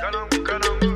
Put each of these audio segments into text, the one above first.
Caramba, caramba.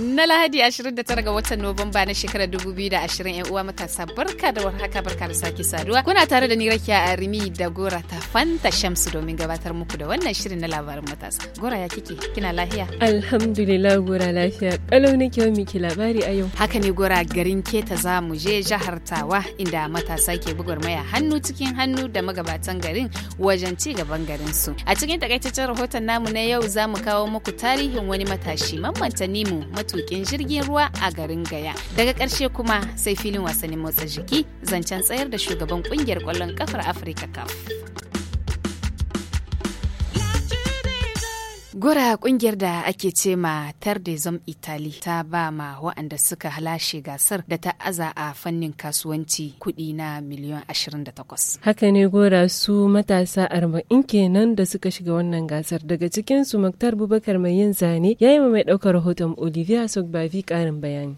na Lahadi 29 ga watan Nuwamba na shekarar 2020 'yan uwa matasa barka da warhaka barka da sake saduwa. Kuna tare da ni Rakiya a rimi da Gora ta Fanta Shamsu domin gabatar muku da wannan shirin na labarin matasa. Gora ya kike kina lahiya? Alhamdulillah Gora lafiya. Kalau nake wa miki labari a yau. Haka ne Gora garin Keta za mu je jihar Tawa inda matasa ke maya hannu cikin hannu da magabatan garin wajen ci gaban garin su. A cikin takaitaccen rahoton namu na yau za mu kawo muku tarihin wani matashi mamman ta Nimu matukin jirgin ruwa a garin Gaya. Daga ƙarshe kuma sai filin wasannin motsa jiki zancen tsayar da shugaban ƙungiyar ƙwallon ƙafar Afirka CAF. Gora kungiyar da ake ce ma Tardezom Italy ta ba ma wa'anda suka halashe gasar da ta aza a fannin kasuwanci kuɗi na miliyan 28. Haka ne gora su matasa arba'in kenan da suka shiga wannan gasar daga cikin su Maktar Bubakar mai yin zane ya yi ma mai ɗaukar rahoton Olivia Sogbavi karin bayani.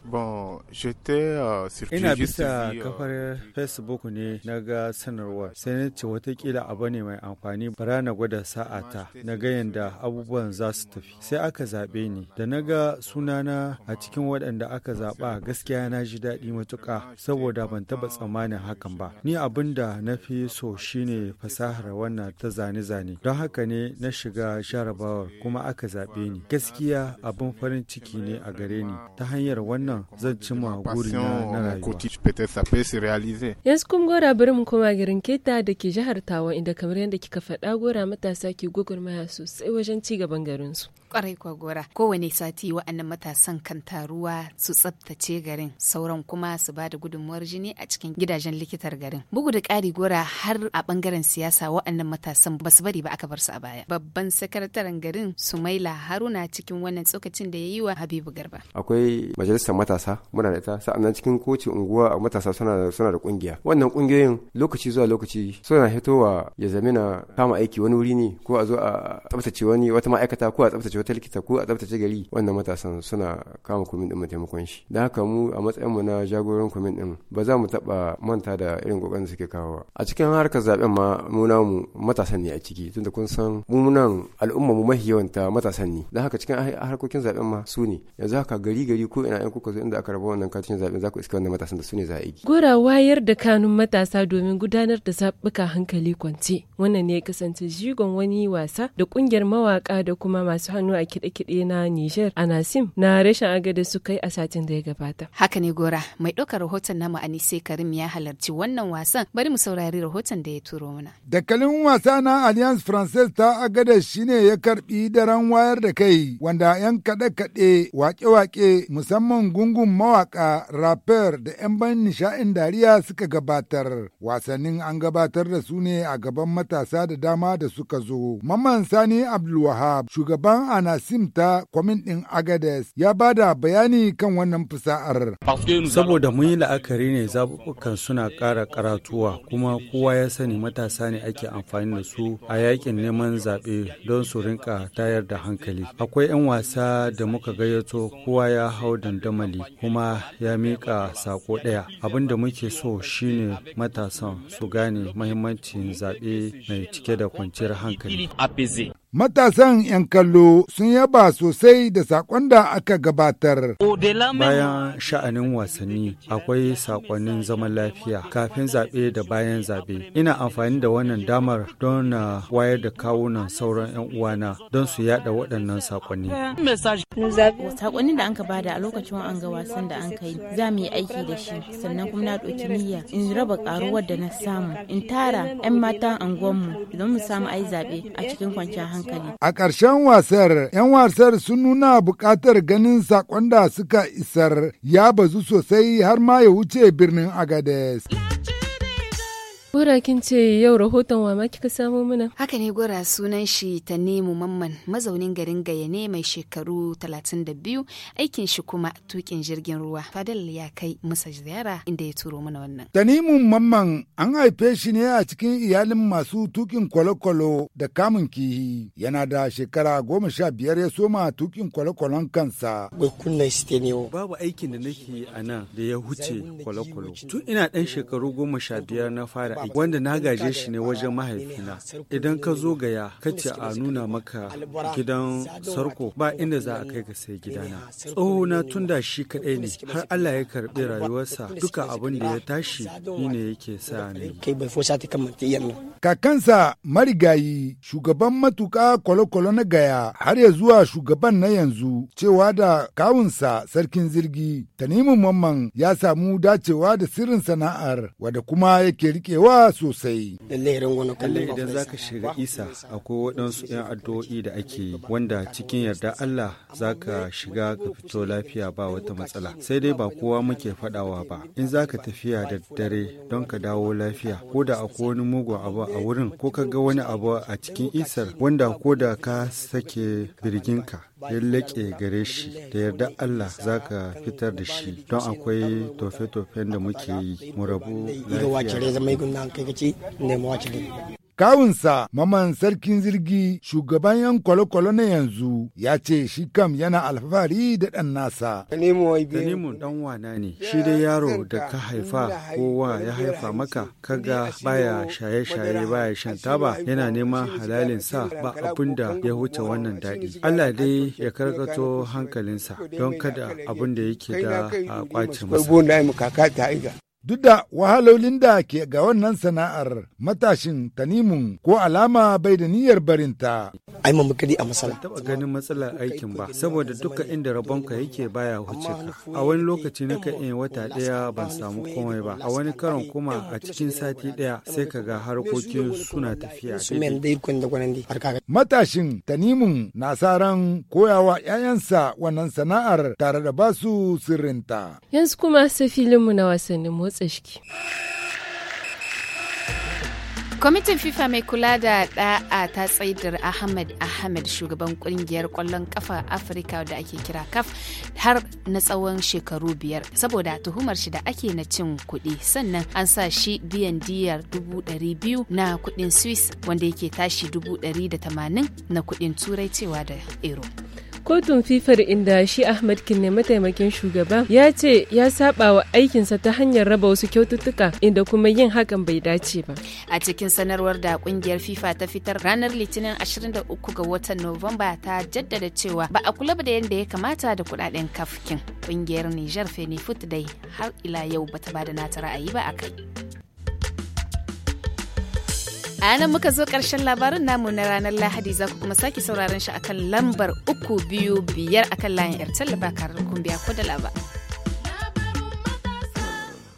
Euh, Ina bisa euh, kafar Facebook ne na ga sanarwar sai na ce watakila abu ne mai amfani bara na gwada ta na ga yanda abubuwan za su tafi sai aka zaɓe ni da na ga sunana a cikin waɗanda aka zaɓa gaskiya na ji daɗi matuƙa saboda ban taɓa tsammanin hakan ba ni abin da na fi so shine fasahar wannan ta zane-zane don haka ne na shiga jarabawar kuma aka zaɓe ni gaskiya abin farin ciki ne a gare ni ta hanyar wannan zan cimma gurina na rayuwa yanzu kun gora bari mu koma garin keta da ke jihar tawa inda kamar yadda kika faɗa gora matasa ke gwagwarmaya sosai wajen ci gaban Mangarunzo. kwarai gora kowane sati wa'annan matasan kan taruwa su tsabtace garin sauran kuma su ba da gudunmuwar jini a cikin gidajen likitar garin bugu da ƙari gora har a bangaren siyasa wa'annan matasan ba su bari ba aka bar su a baya babban sakataren garin sumaila haruna cikin wannan tsokacin da ya yi wa habibu garba akwai majalisar matasa muna da ita sa'annan cikin koci unguwa a matasa suna da kungiya wannan kungiyoyin lokaci zuwa lokaci suna hitowa ya zamina kama aiki wani wuri ne ko a zo a tsabtace wani wata ma'aikata ko a tsabtace wata likita ko a tsabtace gari wannan matasan suna kama kumin din mu taimakon shi da haka mu a matsayin mu na jagoran kumin din ba za mu taba manta da irin kokarin da suke kawo a cikin harkar zaben ma mu mu matasan ne a ciki tunda kun san mu nan al'umma mu mahi yawanta matasan ne da haka cikin harkokin zaben ma su ne yanzu haka gari gari ko ina yan kuka zo inda aka raba wannan katin zaben za ku iska wannan matasan da su ne za a yi gora wayar da kanun matasa domin gudanar da zaɓuka hankali kwance wannan ne ya kasance jigon wani wasa da ƙungiyar mawaka da kuma masu hannu a kiɗe-kiɗe na Niger a Nasim na rashin agada su kai a satin da ya gabata. Haka ne Gora, mai ɗaukar rahoton namu Nise Karim ya halarci wannan wasan bari mu saurari rahoton da ya turo mana. Dakalin wasa na Alliance Française ta agada shine ya karbi daren wayar da kai wanda 'yan kaɗe-kaɗe wake-wake musamman gungun mawaka rapper da 'yan ban nishaɗin dariya suka gabatar. Wasannin an gabatar da su ne a gaban matasa da dama da suka zo. Mamman Sani Abdulwahab, shugaban Nasim ta kwamin ɗin Agades ya ba da bayani kan wannan fusa'ar. Saboda mun yi la'akari ne zaɓuɓɓukan suna ƙara karatuwa kuma kowa ya sani matasa ne ake amfani da su a yakin neman zaɓe don su rinka tayar da hankali. Akwai 'yan wasa da muka gayyato kowa ya hau dandamali kuma ya miƙa sako ɗaya. Abin da muke so shine matasan su gane mahimmancin zaɓe mai cike da kwanciyar hankali. Matasan 'yan kallo sun yaba sosai da sakon da aka gabatar. Bayan sha'anin wasanni akwai sakonnin zaman lafiya kafin zaɓe da bayan zaɓe. Ina amfani da wannan damar don na wayar da kawunan sauran 'yan uwana don su yada waɗannan sakonni. Sakonnin da an ka bada a lokacin an ga wasan da an kai za mu yi aiki da shi sannan kuma na ɗauki niyya in raba ƙaruwar da na samu in tara 'yan matan anguwanmu don mu samu ai zaɓe a cikin kwanciyar hankali. hankali. A ƙarshen wasar, 'yan wasar sun nuna buƙatar ganin saƙon da suka isar ya bazu sosai har ma ya wuce birnin Agades. Gora ce yau rahoton wa ma kika samo mana? Haka ne gora sunan shi Tanimu Mamman mazaunin garin Gayane mai shekaru 32 aikin shi kuma tukin jirgin ruwa. Fadal ya kai masa ziyara inda ya turo mana wannan. Tanimu Mamman an haife shi ne a cikin iyalin masu tukin kwalokwalo da kamun kihi. Yana da shekara goma sha biyar ya soma tukin kwalokwalon kansa. Babu aikin da nake a nan da ya huce kwalokwalo. Tun ina ɗan shekaru goma sha biyar na fara wanda na gaje shi ne wajen mahaifina idan ka zo gaya kace a nuna maka gidan sarko ba inda za a kai ka sai gidana na tun da shi kaɗai ne har Allah ya karɓi rayuwarsa duka abin da ya tashi ni ne yake sa ne kakansa marigayi shugaban matuka kwalokwalo na gaya har ya zuwa shugaban na yanzu cewa da kawunsa sarkin zirgi tanimu mamman ya samu dacewa da sirrin sana'ar wadda kuma yake rikewa gaba sosai. Lallai idan za ka shiga isa akwai waɗansu 'yan addu'o'i da ake yi wanda cikin yarda Allah za ka shiga ka fito lafiya ba wata matsala. Sai dai ba kowa muke faɗawa ba. In za ka tafiya da dare don ka dawo lafiya ko da akwai wani mugun abu a wurin ko ka ga wani abu a cikin isar wanda ko da ka sake birginka ya laƙe gare shi da yarda Allah za ka fitar da shi don akwai tofe-tofen da muke yi mu rabu lafiya. Kawunsa maman sarkin zirgi shugaban yan kwalokwalo na yanzu ya ce shi kam yana alfahari da ɗan nasa. Tanimu ɗan wana ne, shi dai yaro da ka haifa kowa ya haifa maka kaga baya shaye-shaye baya shan taba yana neman halalin sa ba abin da ya wuce wannan daɗi. Allah dai ya karkato hankalinsa don kada abin da yake da a kwace masa. Duk da wahalolin da ke ga wannan sana'ar matashin tanimun ko alama bai da niyyar barinta. ai ma a matsala taba ganin matsalar aikin ba saboda duka inda rabonka yake baya huce ka a wani lokaci na kan in wata ɗaya ban samu komai ba a wani karon kuma a cikin sati ɗaya sai ka ga harkokin suna tafiya matashin tanimun na sa ran koyawa 'ya'yansa wannan sana'ar tare da basu sirrinta yanzu kuma sai filinmu na wasannin motsa shiki. Kwamitin FIFA mai kula da ɗa'a ta tsaidar Ahmed Ahmed shugaban kungiyar ƙwallon ƙafa Afirka da ake kira kaf har na tsawon shekaru biyar saboda tuhumar shi da ake na cin kuɗi sannan an sa shi biyan diyar dubu ɗari biyu na kuɗin Swiss wanda yake tashi dubu ɗari da tamanin na kuɗin Turai cewa da Euro. kotun fifar inda shi ahmad kinne mataimakin shugaba ya ce ya saba wa aikinsa ta hanyar raba wasu kyaututtuka inda kuma yin hakan bai dace ba a cikin sanarwar da kungiyar fifa ta fitar ranar litinin 23 ga watan nuwamba ta jaddada cewa ba a kula da yadda ya kamata da kudaden kafkin kungiyar niger fenifut dai har ila yau bata bada nata ra'ayi ba akai kai A nan muka zo karshen labarin namu na ranar Lahadi za ku kuma sake sauraron shi akan lambar ku biyu biyar akan layin airtel ba karar kun biya ko da laba.